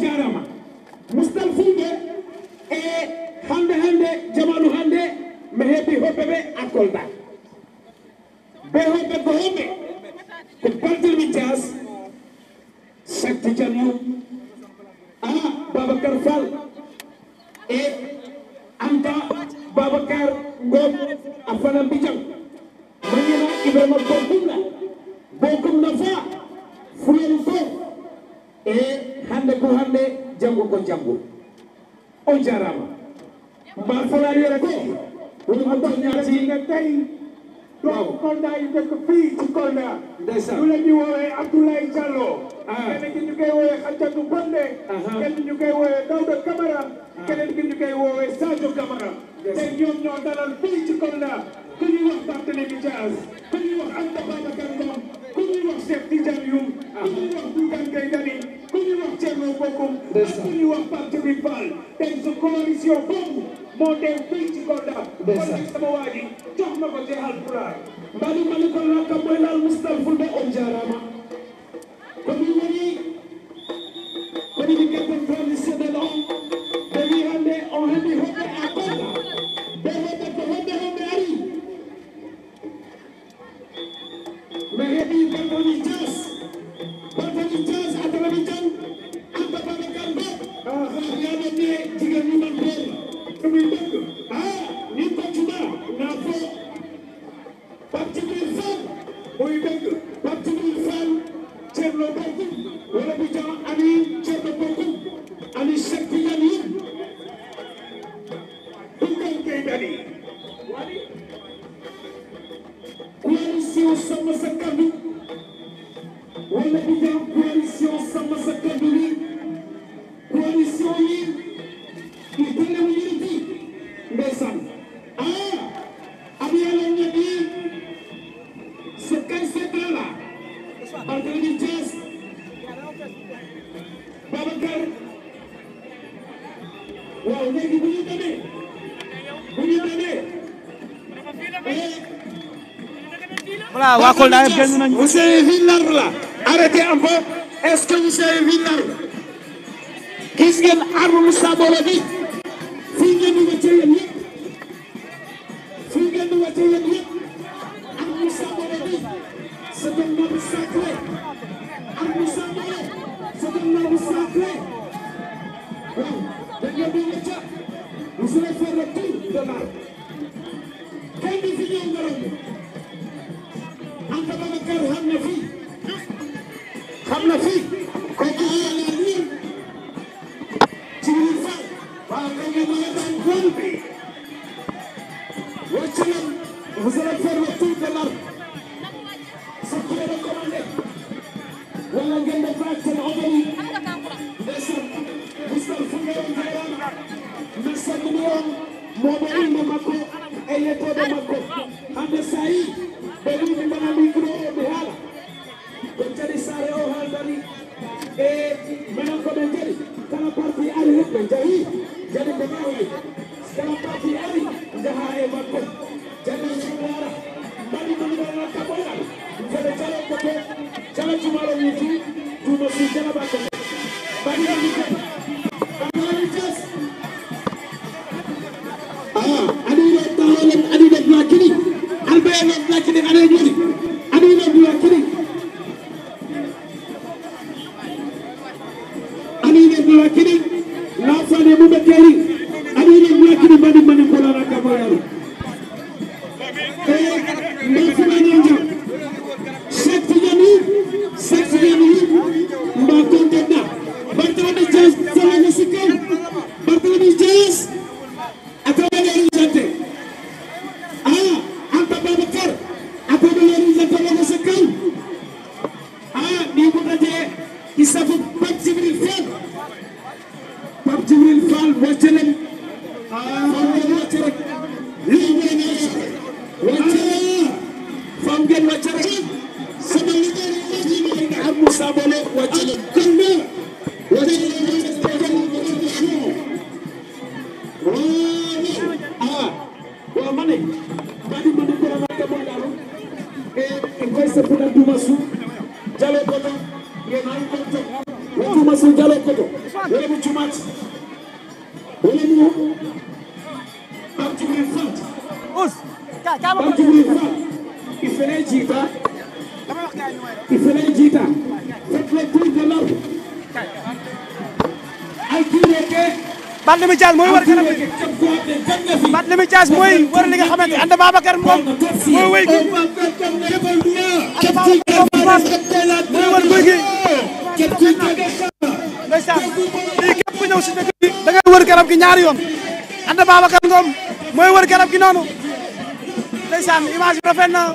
jarama mustal fulɓe e hande hande jamanu hande mi heeɓi hoɓɓe ɓe akkolda ɓe hoɓɓe ko hoɓɓe ko bartelmi dias sakti jan yum a babacar fall e anta babacar gom a fana mbijam mañana ibrahima bokumna bokumna fa boo xam ne jàngu ko jàngu o jarama mbaa folaal yore ko wala mu dox ñaati fii ci Kolda ndeysaan lu la ñu woowee Abdoulaye Diallo ah. kenn ki ñu koy woowee Khadjatou Bonde ah, ah. kenn ñu koy woowee Daouda Camara keneen ki ñu koy woowee Sadio Camara te ñoom ñoo dalal fii ci Kolda ku ñuy wax Barthélémy ku ñuy wax Anta Babacar Ngom ku ñuy ku ñuy wax Bougane Gueye Dany ku ñuy wax Thierno Bocoum ak ku ñuy wax Pape Djibril Fall tey sa coalition moo teew fii ci Kolda kon nag sama waa ji jox na ko ci alpulaar mbali mali ko lakka mooy laal mustal fulbe on jaarama ko mi woni ko mi di keppen traditionnel on Italy. voilà waa Kolda yëpp génn nañu. vous avez vu l'arbre là arrêtez un peu est-ce que ñëw ngelaw bi Anta Babacar xam na fi xam na fi kooku xam naa nii ci biir Fall waaw kon nag ma nga daan góor bi wàcc nañ vous allez faire le tour de l'arbre sax ku doon commandé wala ngeen def ak seen oto yi ndeysaan Moustapha Ngéwén Ndiaye ndeysaan mu ne woon moo ma indi ma ko yettode makko hande sayi ɓe wimi bana micro o mi haala ɗon kadi saare o haaldani e minen koɓe jari kala parti ari hoɓɓe jahi jadi mbe gawi kala parti ari jaha e makko jadi alof lakkini aɗa joni aɗa ino duwa kini aɗa ino duwa kini lafane muɓe keri aɗa ino duwa kini mbaɗi mbaɗi koloraka boyaru e ndefuma ngeen wàcce rek sama liggéey rek ñu ngi leen di am Moussa Baldé wàcce leen kon nag wàcce leen ñu ngi leen di ah waaw ma ne bani ma ne ko ma ke mo dalu e en koy se puna duma su jalo koto ye na ko to wa duma su jalo koto wala mu jumat wala mu parti ni fant os ka ka mo parti ni fant il fallait Djita. mooy war kanam bi Barthélémy Dias mooy war li nga xamante ne Anta Babacar mooy wéy gi Anta Babacar mooy war wéy ñëw si dëkk bi da ngay wër garab gi ñaari yoon Anta Babacar Ngom mooy wër garab gi noonu ndeysaan image bi rafet na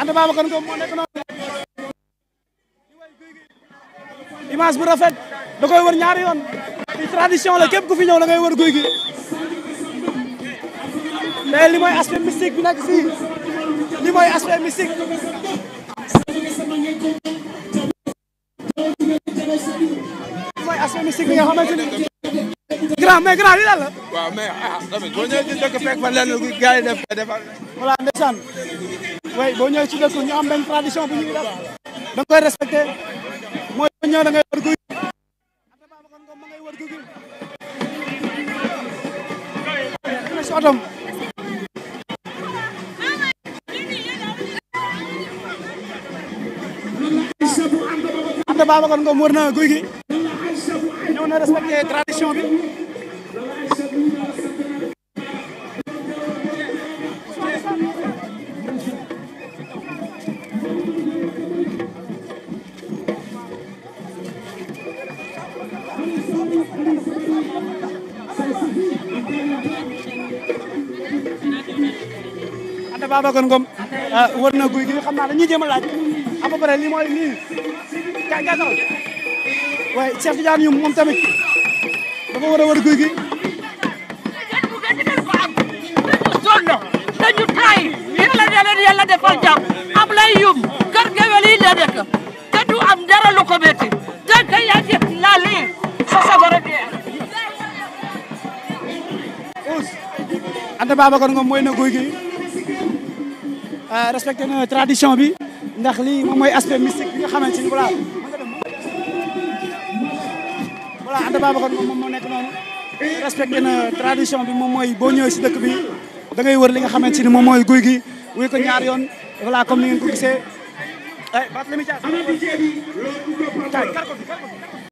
Anta Babacar Ngom moo nekk noonu image bu rafet da koy wër ñaari yoon ci tradition la képp ku fi ñëw da ngay wër guy gi li mooy aspect mystique bi nag fii li mooy aspect mystique ni grand mais grand li lan waaw mais ah tamit boo ñëwee way boo ñëwee ci dëkk ñu am benn tradition bu ñuy def da nga koy respecté mooy boo ñëwee da ngay wër guy ata Babacar Ngom ma ngay wër guy na si otom ata na guy gi ñëw Babacar Ngom ah, war na guy gi xam naa dañuy jéem a laaj à peu près lii mooy lii ka gàttal waaye Cheikh moom tamit dafa war a war guy gi dañu tay yàlla na leen lay yum kër gewel yi la nekk te dara lu ko métti te ka yaa jëf laa lii sa sabara bi Anta Babacar Ngom mooy na guy gi Euh, respecté na tradition bi ndax li moom mooy aspect mystique bi nga xamante ni voilà. voilà Anta Babacar moom moo nekk noonu respecté na tradition bi moom mooy boo ñëwee si dëkk bi da ngay wër li nga xamante ni moom mooy guy gi wuy ko ñaar yoon voilà comme ni ngeen ko gisee. Eh, ay